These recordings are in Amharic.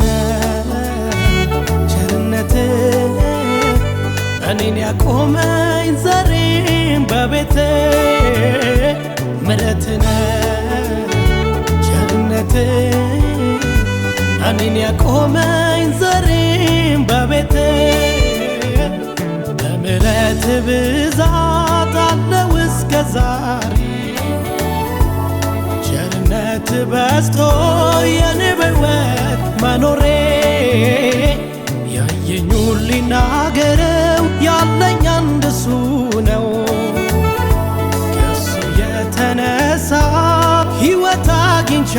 ነ ቸርነት እኔን ያቆመኝ ዛሬም በቤቴ ምረት ነ ቸርነት እኔን ያቆመኝ ዛሬም በቤቴ በምረት ብዛት አለው እስከ ዛሬ ቸርነት በስቶ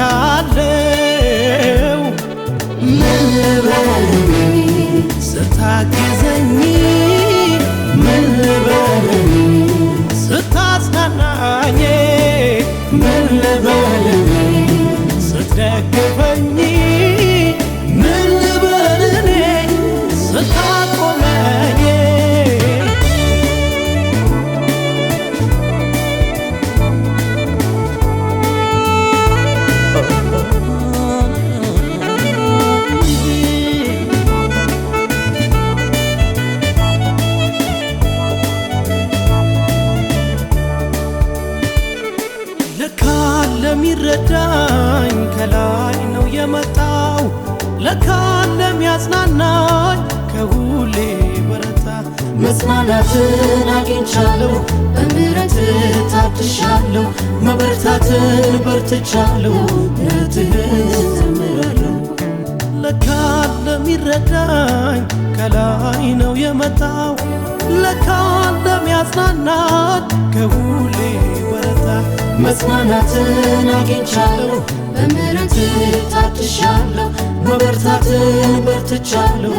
አለው ምን ልበል ስታግዘኝ ምን ልበል ስታጽናናኝ ምን ልበል ስትደግፈኝ ለሚረዳኝ ከላይ ነው የመጣው ለካ ለሚያጽናናኝ ከሁሌ በረታ መጽናናትን አግኝቻለሁ በምረት ታድሻለሁ መበርታትን በርትቻለሁ ነትህ ዘምራለሁ ለካ ለሚረዳኝ ከላይ ነው የመጣው ለካ ለሚያጽናናኝ ከሁሌ መጽናናትን አግኝቻለሁ፣ በምሕረት ታድሻለሁ፣ በመርታትን በርትቻለሁ።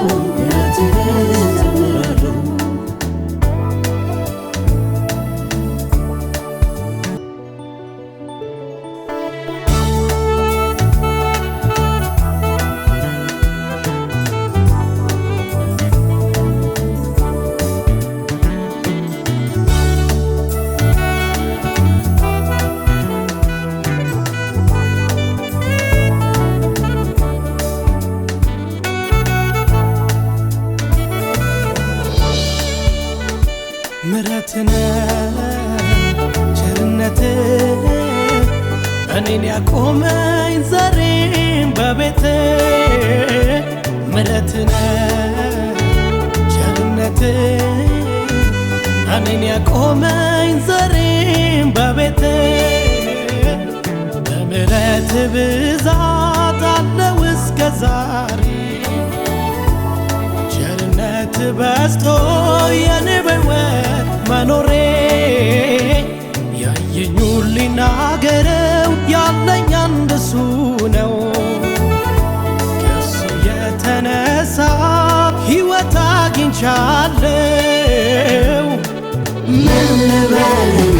አንተነ ቸርነት እኔን ያቆመኝ ዛሬም በቤት ምረትነ ቸርነት እኔን ያቆመኝ ዛሬም በቤት በምረት ብዛት አለው እስከ ዛሬ ቸርነት በስቶ የኔ ተነሳ ሕይወት አግኝቻለው ምን